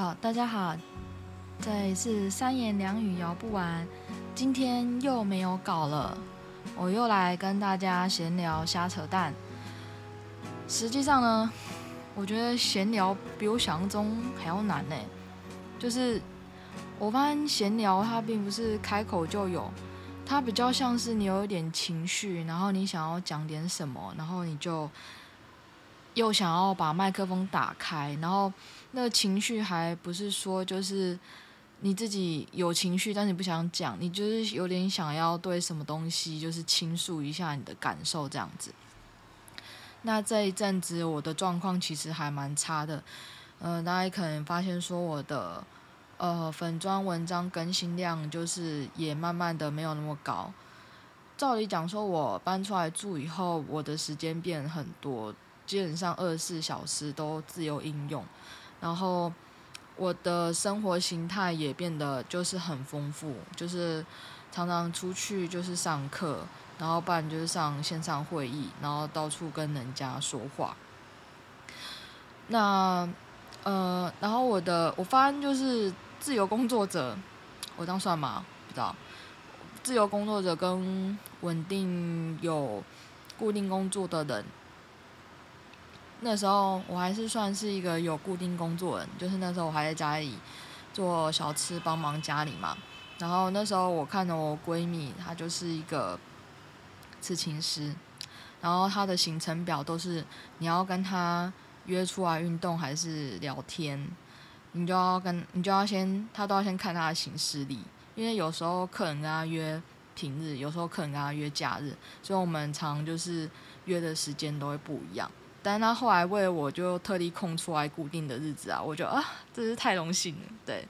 好，大家好，這裡是三言兩語聊不完，今天又沒有稿了，我又來跟大家閒聊瞎扯淡。實際上呢，我覺得閒聊比我想象中還要難呢，就是我發現閒聊它並不是開口就有，它比較像是你有一點情緒，然後你想要講點什麼，然後你就，又想要把麥克風打開，然後那個情緒還不是說就是你自己有情緒，但是你不想講，你就是有點想要對什麼東西就是傾訴一下你的感受這樣子。那這一陣子我的狀況其實還蠻差的，嗯、呃，大家可能發現說我的呃粉專文章更新量就是也慢慢的沒有那麼高。照理講說，我搬出來住以後，我的時間變很多。基本上二十四小時都自由應用，然後我的生活形態也變得就是很豐富，就是常常出去就是上課，然後不然就是上線上會議，然後到處跟人家說話。那呃，然後我的我發現就是自由工作者，我這樣算嗎？不知道。自由工作者跟穩定有固定工作的人，那時候我還是算是一個有固定工作人，就是那時候我還在家裡做小吃幫忙家裡嘛。然後那時候我看到我閨蜜，她就是一個刺青師，然後她的行程表都是，你要跟她約出來運動還是聊天，你就要跟你就要先，她都要先看她的行事曆，因為有時候客人跟她約平日，有時候客人跟她約假日，所以我們常就是約的時間都會不一樣。但他後來為了我，就特地空出來固定的日子啊！我覺得啊，真是太榮幸了。對，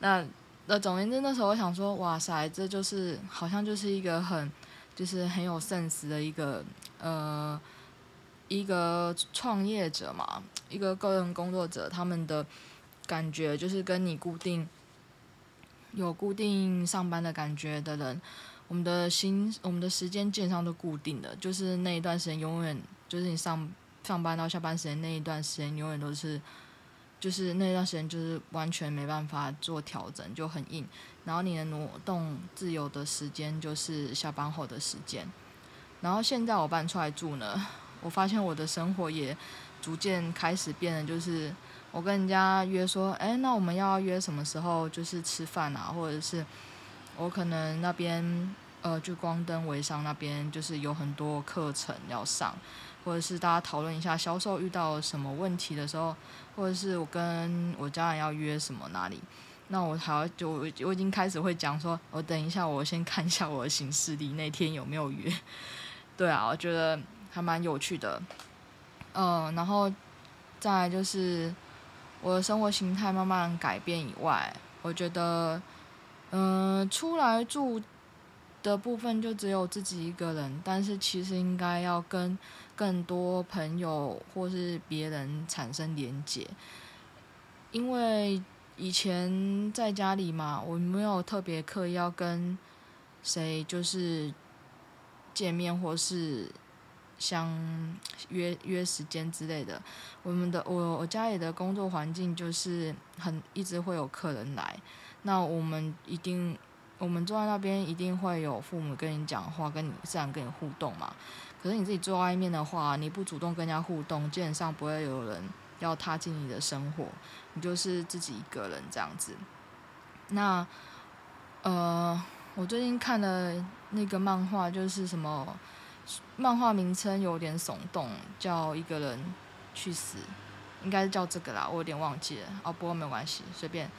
那那總言之，那時候我想說，哇塞，這就是好像就是一個很就是很有 sense 的一個呃一個創業者嘛，一個個人工作者，他們的感覺就是跟你固定有固定上班的感覺的人，我們的心我們的時間線上都固定的，就是那一段時間永遠就是你上。上班到下班時間那一段時間，永遠都是，就是那段時間就是完全沒辦法做調整，就很硬。然後你的挪動自由的時間就是下班後的時間。然後現在我搬出來住呢，我發現我的生活也逐漸開始變得就是，我跟人家約說，哎、欸，那我們要約什麼時候？就是吃飯啊，或者是我可能那邊，呃，就光燈微商那邊就是有很多課程要上。或者是大家討論一下銷售遇到什麼問題的時候，或者是我跟我家人要約什麼哪裡，那我還要就我，我已經開始會講說，我等一下我先看一下我的行事歷那天有沒有約。對啊，我覺得還蠻有趣的。嗯，然後再來就是我的生活形態慢慢改變以外，我覺得嗯，出來住的部分就只有自己一個人，但是其實應該要跟。更多朋友或是別人產生連接，因為以前在家裡嘛，我沒有特別刻意要跟誰就是見面或是相約約時間之類的。我們的我我家裡的工作環境就是很一直會有客人來，那我們一定我們坐在那邊一定會有父母跟你講話，跟你這樣跟你互動嘛。可是你自己坐外面的話，你不主動跟人家互動，基本上不會有人要踏進你的生活，你就是自己一個人這樣子。那，呃，我最近看的那個漫畫就是什麼，漫畫名稱有點聳動，叫一個人去死，應該是叫這個啦，我有點忘記了。哦，不過沒關係，隨便。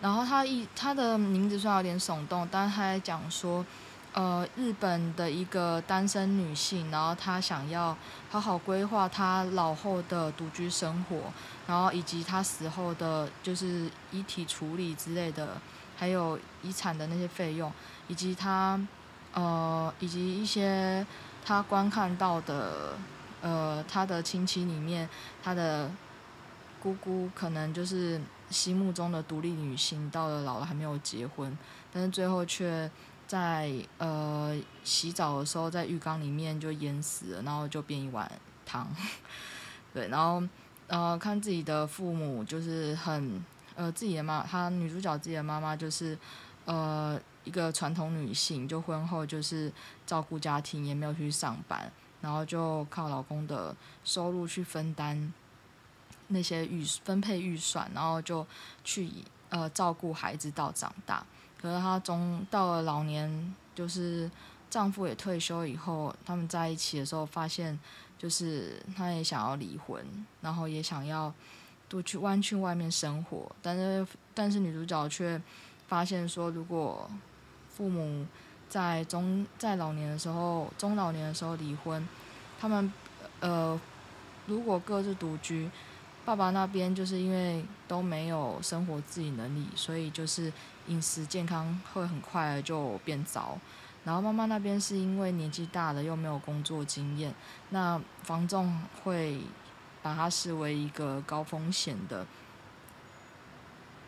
然後他一他的名字雖然有點聳動，但他還講說。呃，日本的一個單身女性，然後她想要好好規劃她老後的獨居生活，然後以及她死後的就是遺體處理之類的，還有遺產的那些費用，以及她呃，以及一些她觀看到的呃，她的親戚裡面，她的姑姑可能就是心目中的獨立女性，到了老了還沒有結婚，但是最後卻。在呃，洗澡的時候，在浴缸裡面就淹死了，然後就變一碗湯。對，然後呃，看自己的父母就是很呃，自己的媽，她女主角自己的媽媽就是呃，一個傳統女性，就婚後就是照顧家庭，也沒有去上班，然後就靠老公的收入去分擔那些預分配預算，然後就去呃，照顧孩子到長大。可是她中到了老年，就是丈夫也退休以後，他們在一起的時候，發現就是她也想要離婚，然後也想要獨去搬去外面生活。但是，但是女主角卻發現說，如果父母在中在老年的時候，中老年的時候離婚，他們呃，如果各自獨居，爸爸那邊就是因為都沒有生活自理能力，所以就是。飲食健康會很快就變糟，然後媽媽那邊是因為年紀大了又沒有工作經驗，那房仲會把他視為一個高風險的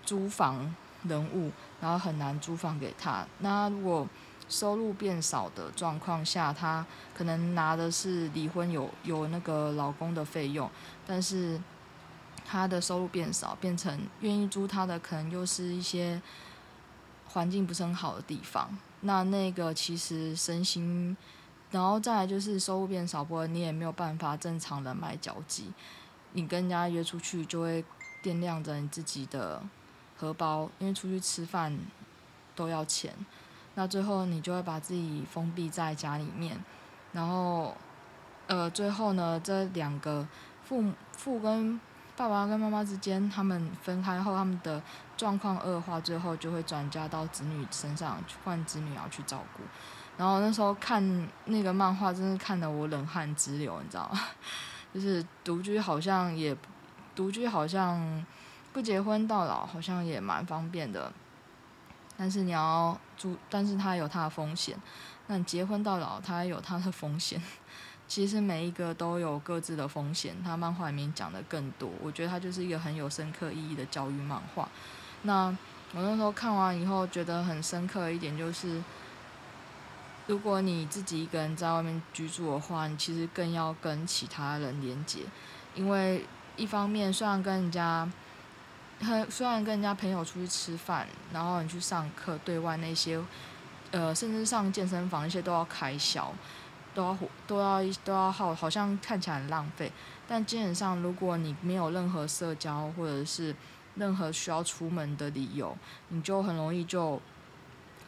租房人物，然後很難租房給他。那如果收入變少的狀況下，他可能拿的是離婚有有那個老公的費用，但是他的收入變少，變成願意租他的可能又是一些。環境不是很好的地方，那那個其實身心，然後再來就是收入變少，不然你也沒有辦法正常的買交際，你跟人家約出去就會掂量着，你自己的荷包，因為出去吃飯都要錢，那最後你就會把自己封閉在家裡面，然後呃最後呢這兩個父父跟。爸爸跟媽媽之間，他們分開後，他們的狀況惡化，最後就會轉嫁到子女身上，去換子女要去照顧。然後那時候看那個漫畫，真是看得我冷汗直流，你知道嗎？就是獨居好像也，獨居好像不結婚到老，好像也蠻方便的，但是你要住，但是他有他的風險。那你結婚到老，他也有他的風險。其實每一個都有各自的風險，他漫畫裡面講的更多，我覺得他就是一個很有深刻意義的教育漫畫。那我那時候看完以後，覺得很深刻的一點就是，如果你自己一個人在外面居住的話，你其實更要跟其他人連接，因為一方面雖然跟人家，很雖然跟人家朋友出去吃飯，然後你去上課，對外那些，呃，甚至上健身房那些都要開銷。都要都要都要耗，好像看起來很浪費。但基本上，如果你沒有任何社交或者是任何需要出門的理由，你就很容易就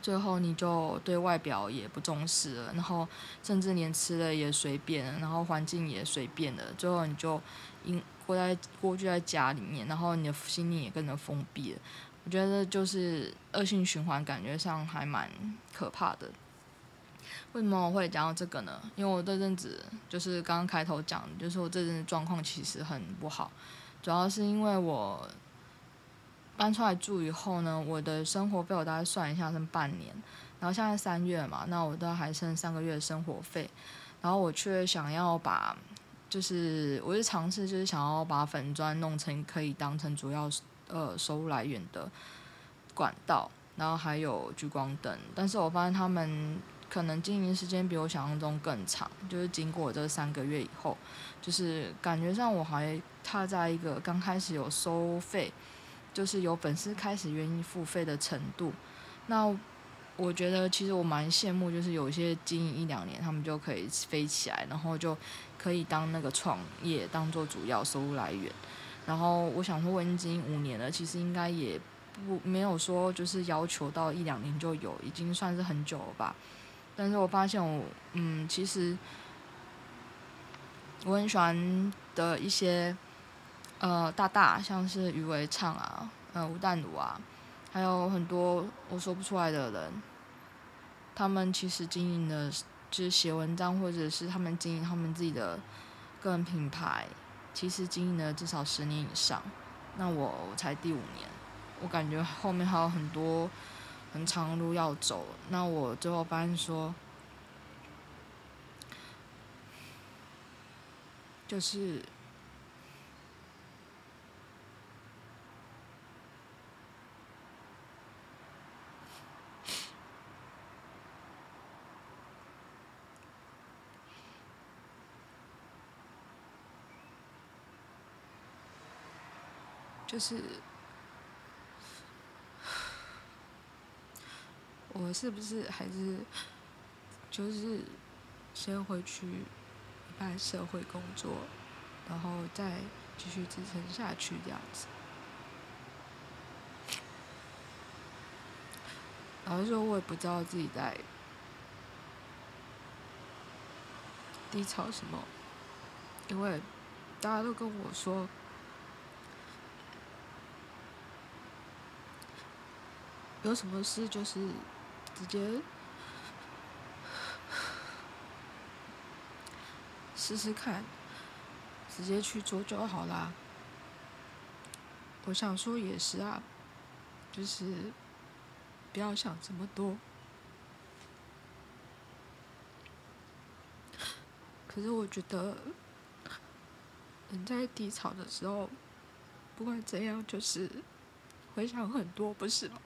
最後你就對外表也不重視了，然後甚至連吃的也隨便，然後環境也隨便了，最後你就因過在蝸居在家裡面，然後你的心靈也跟着封閉了。我覺得就是惡性循環，感覺上還蠻可怕的。為什麼我會講到這個呢？因為我這陣子就是剛剛開頭講，就是我這陣子狀況其實很不好，主要是因為我搬出來住以後呢，我的生活費我大概算一下，剩半年，然後現在三月嘛，那我都還剩三個月的生活費，然後我卻想要把，就是我是嘗試就是想要把粉專弄成可以當成主要呃收入來源的管道，然後還有聚光燈，但是我發現他們。可能經營時間比我想象中更長，就是經過這三個月以後，就是感覺上我還踏在一個剛開始有收費，就是有粉絲開始願意付費的程度。那我覺得其實我蠻羨慕，就是有一些經營一兩年，他們就可以飛起來，然後就可以當那個創業當做主要收入來源。然後我想說，我已經經營五年了，其實應該也不沒有說就是要求到一兩年就有，已經算是很久了吧。但是我發現我，嗯，其實我很喜歡的一些，呃，大大，像是於為暢啊，呃，吳淡如啊，還有很多我說不出來的人，他們其實經營的，就是寫文章或者是他們經營他們自己的個人品牌，其實經營了至少十年以上，那我，我才第五年，我感覺後面還有很多。長路要走，那我最後發現說，就是，就是。我是不是還是，就是先回去辦社會工作，然後再繼續支撐下去這樣子。然後說，我也不知道自己在低潮什麼，因為大家都跟我說，有什麼事就是。直接試試看，直接去做就好啦。我想說也是啊，就是不要想這麼多。可是我覺得人在低潮的時候，不管怎樣，就是會想很多，不是嗎？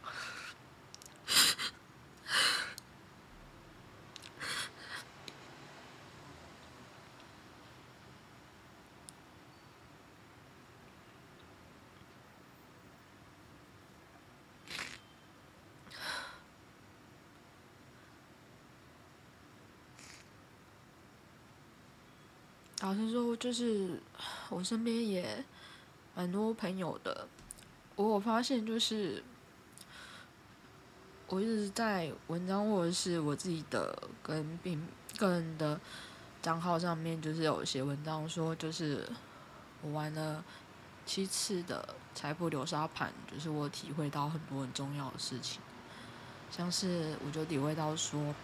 老實說，就是我身邊也蠻多朋友的。我我發現，就是我一直在文章，或者是我自己的跟病個人的賬號上面，就是有寫文章說，就是我玩了七次的財富流沙盤，就是我體會到很多很重要的事情，像是我就體會到說。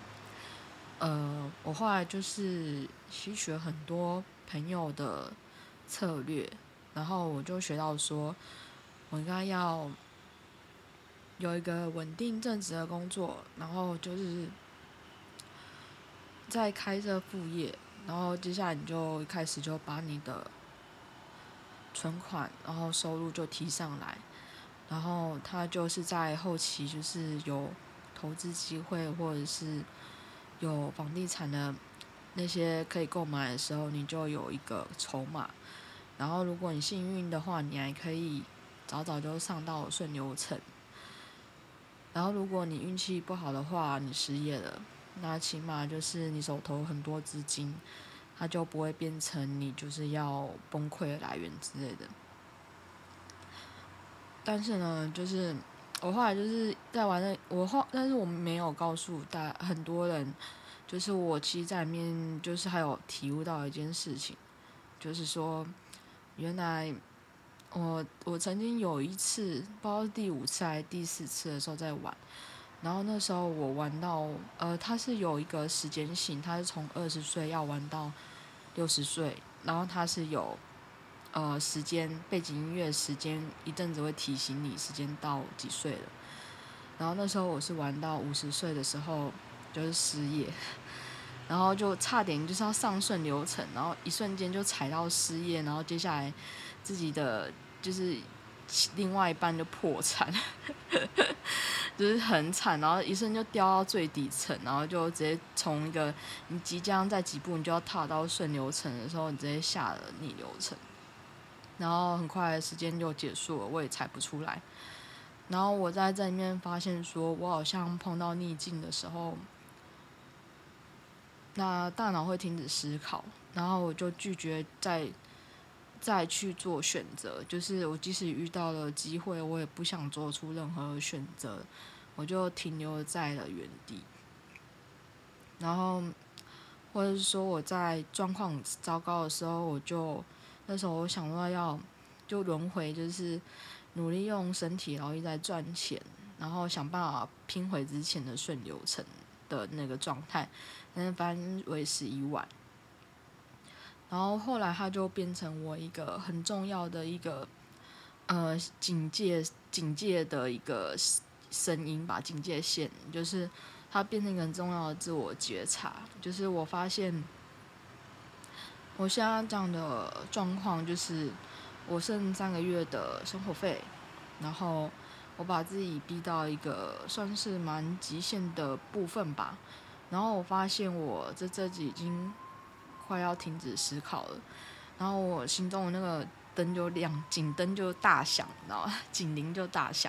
呃，我後來就是吸取了很多朋友的策略，然後我就學到說，我應該要有一個穩定正職的工作，然後就是再開這副業，然後接下來你就開始就把你的存款，然後收入就提上來，然後他就是在後期就是有投資機會或者是。有房地產的那些可以購買的時候，你就有一個籌碼。然後，如果你幸運的話，你還可以早早就上到順流程。然後，如果你運氣不好的話，你失業了，那起碼就是你手頭很多資金，它就不會變成你就是要崩潰的來源之類的。但是呢，就是。我後來就是在玩的，我後但是我沒有告訴大很多人，就是我其實在裡面就是還有體悟到一件事情，就是說原來我我曾經有一次，不知道是第五次還是第四次的時候在玩，然後那時候我玩到呃，他是有一個時間性，他是從二十歲要玩到六十歲，然後他是有。呃，時間背景音樂，時間一陣子會提醒你時間到幾歲了。然後那時候我是玩到五十歲的時候就是失業，然後就差點就是要上順流程，然後一瞬間就踩到失業，然後接下來自己的就是另外一半就破產呵呵，就是很慘，然後一瞬就掉到最底層，然後就直接從一個你即將在幾步你就要踏到順流程的時候，你直接下了逆流程。然後很快的時間就結束了，我也猜不出來。然後我在這裡面發現說，說我好像碰到逆境的時候，那大腦會停止思考，然後我就拒絕再再去做選擇。就是我即使遇到了機會，我也不想做出任何選擇，我就停留在了原地。然後，或者是說我在狀況糟糕的時候，我就。那時候我想到要就輪迴，就是努力用身體，然後一再賺錢，然後想辦法拼回之前的順流程的那個狀態。但是反為時已晚。然後後來他就變成我一個很重要的一個呃警戒警戒的一個聲音吧，警戒線就是他變成一個很重要的自我覺察，就是我發現。我現在這樣的狀況就是，我剩三個月的生活費，然後我把自己逼到一個算是蠻極限的部分吧，然後我發現我這這陣子已經快要停止思考了，然後我心中的那個燈就亮，警燈就大響，然後警鈴就大響，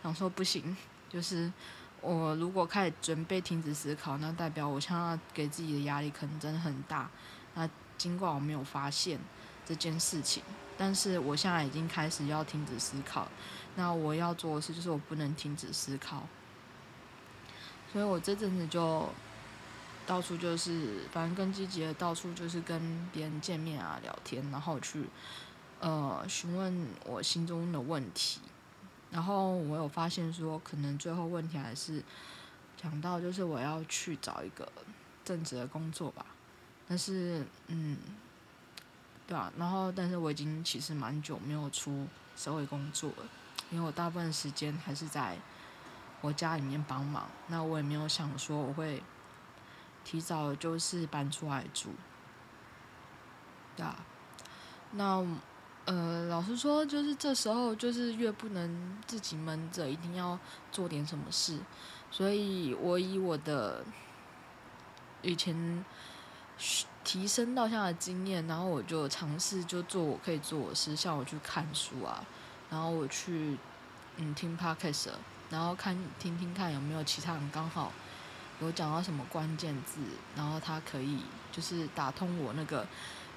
想說不行，就是我如果開始準備停止思考，那代表我現在給自己的壓力可能真的很大，那。儘管我沒有發現這件事情，但是我現在已經開始要停止思考。那我要做的事就是我不能停止思考，所以我這陣子就到處就是，反正更積極的到處就是跟別人見面啊、聊天，然後去呃詢問我心中的問題。然後我有發現說，可能最後問題還是講到就是我要去找一個正職的工作吧。但是，嗯，對啊，然後，但是我已經其實蠻久沒有出社會工作了，因為我大部分時間還是在我家裡面幫忙。那我也沒有想說我會提早就是搬出來住，對啊。那呃，老實說，就是這時候就是越不能自己悶着，一定要做點什麼事。所以我以我的以前。提升到現在的經驗，然後我就嘗試就做我可以做我的事，像我去看書啊，然後我去嗯聽 podcast，然後看聽聽看有沒有其他人剛好有講到什麼關鍵字，然後他可以就是打通我那個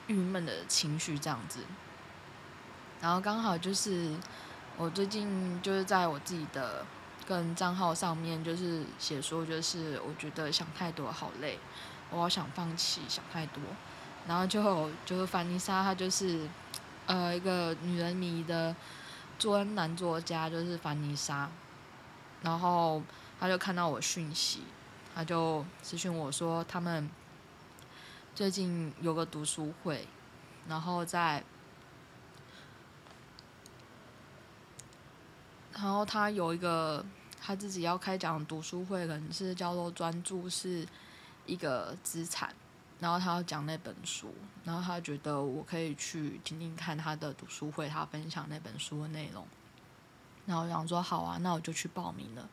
鬱悶的情緒這樣子。然後剛好就是我最近就是在我自己的個人賬號上面就是寫說，就是我覺得想太多好累。我好想放棄，想太多，然後就就是凡妮莎，她就是，呃，一個女人迷的，作男作家就是凡妮莎，然後她就看到我訊息，她就私訊我說他們最近有個讀書會，然後在，然後她有一個她自己要開講讀書會，可能是叫做專注是一個資產，然後他要講那本書，然後他覺得我可以去聽聽看他的讀書會，他分享那本書的內容。然後我想說好啊，那我就去報名了。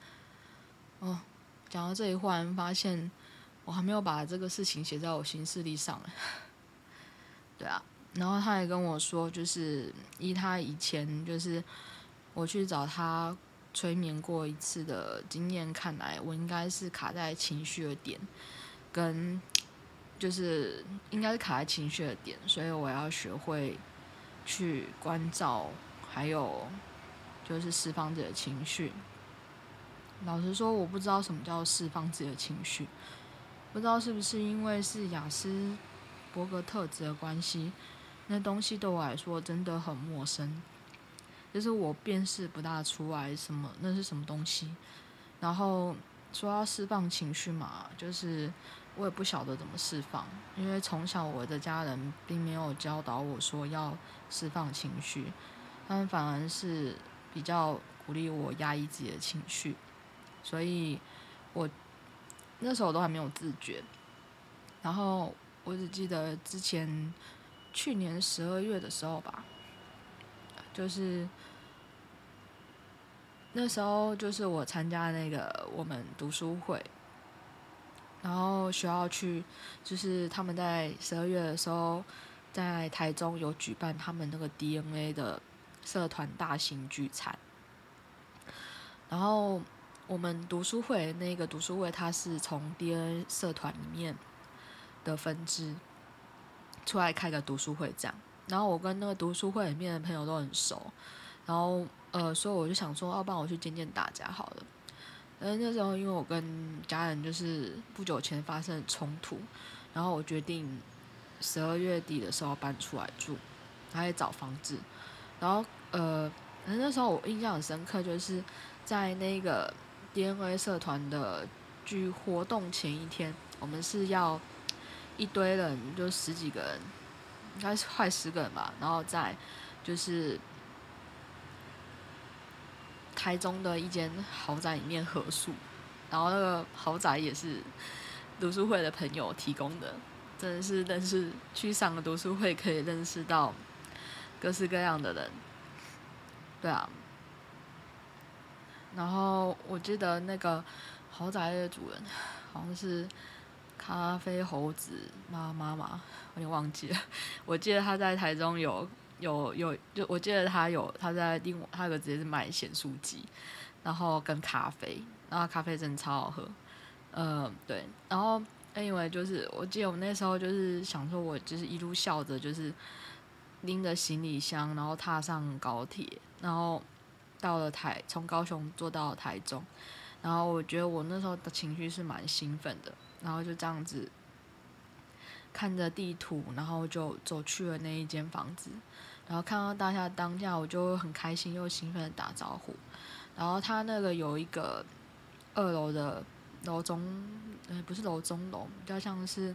哦，講到這裡，忽然發現我還沒有把這個事情寫在我行事曆上。 對啊，然後他也跟我說，就是依他以前就是我去找他催眠過一次的經驗看來，我應該是卡在情緒的點。跟就是應該是卡在情緒的點，所以我要學會去關照，還有就是釋放自己的情緒。老實說，我不知道什麼叫釋放自己的情緒，不知道是不是因為是亞斯伯格特質的關係，那東西對我來說真的很陌生，就是我辨識不大出來什麼。那是什麼東西？然後說要釋放情緒嘛，就是。我也不曉得怎麼釋放，因為從小我的家人並沒有教導我說要釋放情緒，他們反而是比較鼓勵我壓抑自己的情緒，所以我那時候都還沒有自覺，然後我只記得之前去年十二月的時候吧，就是那時候就是我參加那個我們讀書會。然後需要去，就是他們在十二月的時候，在台中有舉辦他們那個 DNA 的社團大型聚餐。然後我們讀書會那個讀書會，它是從 DNA 社團裡面的分支出來開個讀書會這樣。然後我跟那個讀書會裡面的朋友都很熟，然後呃，所以我就想說，要不然我去見見大家好了。嗯，那時候因為我跟家人就是不久前發生衝突，然後我決定十二月底的時候搬出來住，開始找房子。然後，呃，那時候我印象很深刻，就是在那個 DNA 社團的聚活動前一天，我們是要一堆人，就十幾個人，應該是快十個人吧，然後在就是。台中的一間豪宅裡面合宿，然後那個豪宅也是讀書會的朋友提供的，真的是認識，去上了讀書會可以認識到各式各樣的人，對啊。然後我記得那個豪宅的主人好像是咖啡猴子，媽媽媽，我也忘記了。我記得他在台中有。有有，就我記得他有他在另外，他有個直接是賣鹹酥雞，然後跟咖啡，然後咖啡真的超好喝，嗯、呃，對，然後因為就是我記得我那時候就是想說，我就是一路笑着就是拎着行李箱，然後踏上高鐵，然後到了台，從高雄坐到了台中，然後我覺得我那時候的情緒是蠻興奮的，然後就這樣子看着地圖，然後就走去了那一間房子。然後看到大家當下，我就很開心又興奮的打招呼。然後他那個有一個二樓的樓中、呃，不是樓中樓，比較像是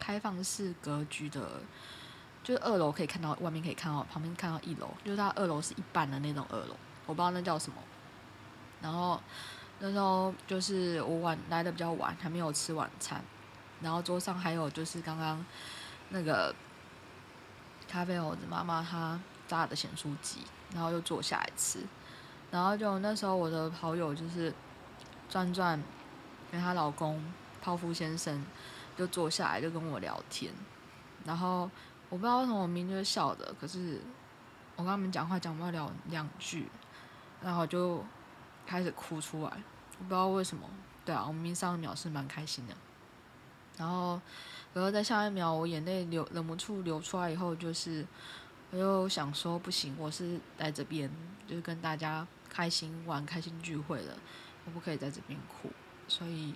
開放式格局的，就是二樓可以看到外面，可以看到旁邊看到一樓，就是他二樓是一半的那種二樓，我不知道那叫什麼。然後那時候就是我晚來的比較晚，還沒有吃晚餐，然後桌上還有就是剛剛那個。咖啡、我的媽媽她炸的鹹酥雞，然後又坐下來吃，然後就那時候我的好友就是轉轉跟她老公泡芙先生就坐下來就跟我聊天，然後我不知道為什麼我明明就是笑着，可是我跟他們講話講不到兩句，然後就開始哭出來，我不知道為什麼，對啊，我明明上一秒是蠻開心的。然後，然後在下一秒，我眼淚流，忍不住流出來以後，就是我又想說不行，我是來這邊，就是跟大家開心玩、開心聚會的，我不可以在這邊哭，所以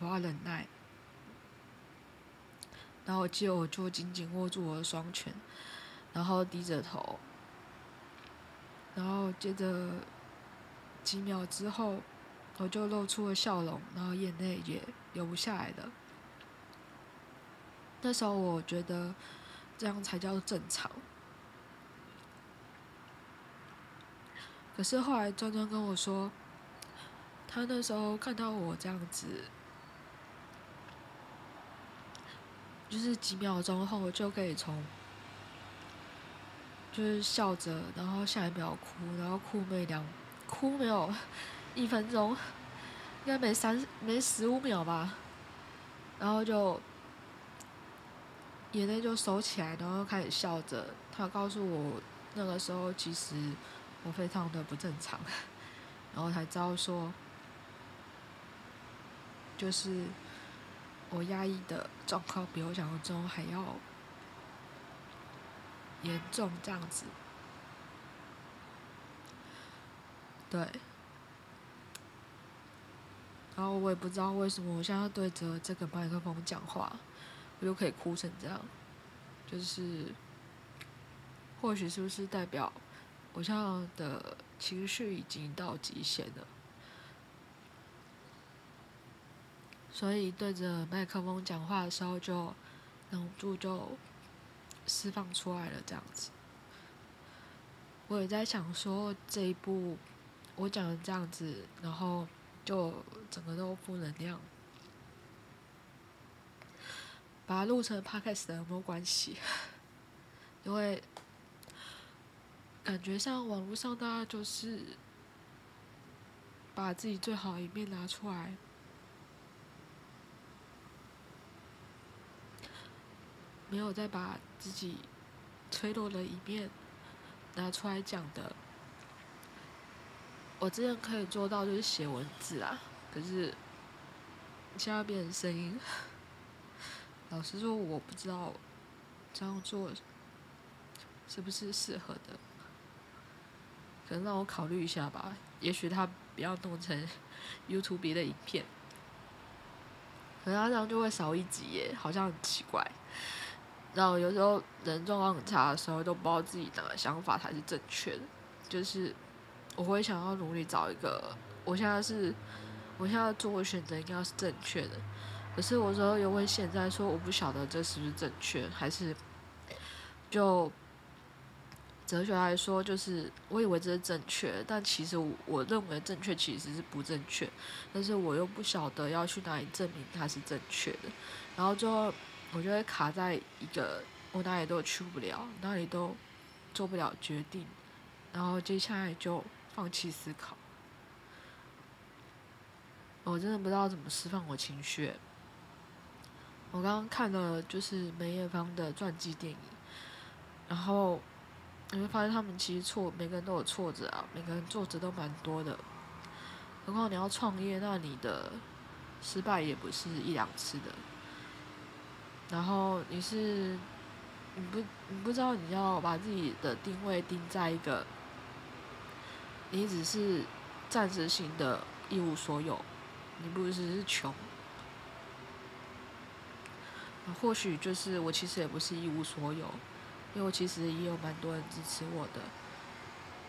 我要忍耐。然後記着我就緊緊握住我的雙拳，然後低着頭，然後接着幾秒之後，我就露出了笑容，然後眼淚也流不下來了。那時候我覺得這樣才叫正常。可是後來，壯壯跟我說，他那時候看到我這樣子，就是幾秒鐘後就可以從，就是笑着，然後下一秒哭，然後哭沒兩哭沒有一分鐘，應該沒三沒十五秒吧，然後就。眼淚就收起來，然後開始笑着。他告訴我，那個時候其實我非常的不正常， 然後才知道說，就是我壓抑的狀況比我想象中還要嚴重，這樣子。對。然後我也不知道為什麼，我現在對着這個麥克風講話。我就可以哭成這樣，就是，或許是不是代表我現在的情緒已經到極限了？所以對着麥克風講話的時候，就忍不住就釋放出來了這樣子。我也在想說，這一部我講成這樣子，然後就整個都負能量。把它錄成 Podcast 沒有關係， 因為感覺上，網絡上，大家就是把自己最好的一面拿出來，沒有再把自己脆弱的一面拿出來講的。我之前可以做到就是寫文字啊，可是現在變成聲音。老實說，我不知道這樣做是不是適合的，可能讓我考慮一下吧。也許他不要弄成 YouTube 的影片，可是他這樣就會少一集耶，好像很奇怪。然後有時候人狀況很差的時候，都不知道自己哪個想法才是正確的。就是我會想要努力找一個，我現在是，我現在做的選擇，應該是正確的。可是我說又會現在說，我不曉得這是不是正確，還是就哲學來說，就是我以為這是正確，但其實我認為正確其實是不正確，但是我又不曉得要去哪裡證明它是正確的，然後最後我就會卡在一個，我哪裡都去不了，哪裡都做不了決定，然後接下來就放棄思考，我真的不知道怎麼釋放我情緒。我剛剛看了就是梅艷芳的傳記電影，然後你會發現他們其實錯，每個人都有挫折啊，每個人挫折都蠻多的。何況你要創業，那你的失敗也不是一兩次的。然後你是，你不，你不知道你要把自己的定位定在一個，你只是暫時性的一無所有，你不只是窮。或許就是我其實也不是一無所有，因為我其實也有蠻多人支持我的，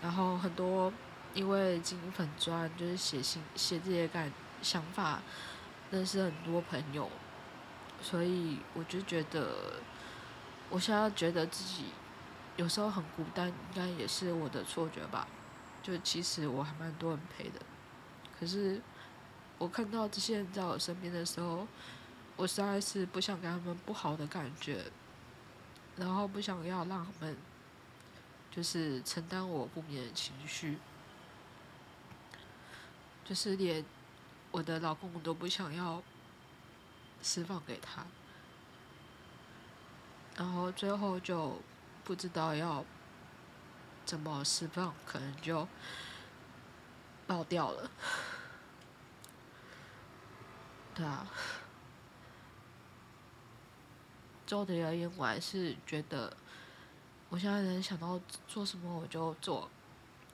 然後很多因為經營粉專就是寫信、寫自己的感想法，認識很多朋友，所以我就覺得，我現在覺得自己有時候很孤單，應該也是我的錯覺吧。就其實我還蠻多人陪的，可是我看到這些人在我身邊的時候，我實在是不想給他們不好的感覺，然後不想要讓他們就是承擔我負面的情緒，就是連我的老公都不想要釋放給他，然後最後就不知道要怎麼釋放，可能就爆掉了。對啊。總體而言，我還是覺得我現在能想到做什麼我就做。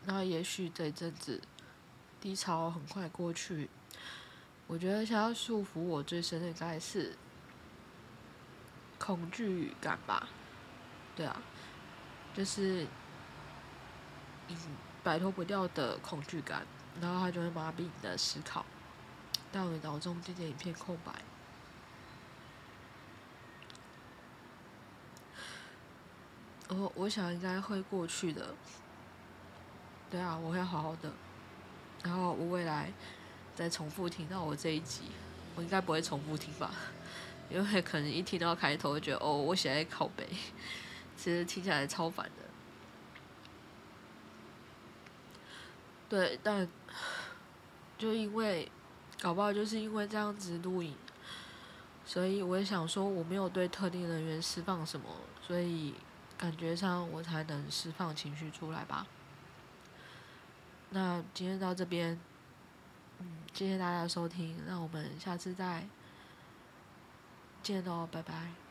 那也許這一陣子低潮很快過去。我覺得想要束縛我最深的應該是恐懼感吧？對啊，就是你擺脫不掉的恐懼感，然後它就會麻痹你的思考，讓你腦中漸漸一片空白。我想應該會過去的，對啊，我會好好的。然後我未來再重複聽到我這一集，我應該不會重複聽吧，因為可能一聽到開頭就覺得哦，我現在靠背，其實聽起來超煩的。對，但就因為搞不好就是因為這樣子錄影，所以我也想說我沒有對特定人員釋放什麼，所以。感覺上，我才能釋放情緒出來吧。那今天到這邊，嗯，謝謝大家的收聽，讓我們下次再見嘍，拜拜。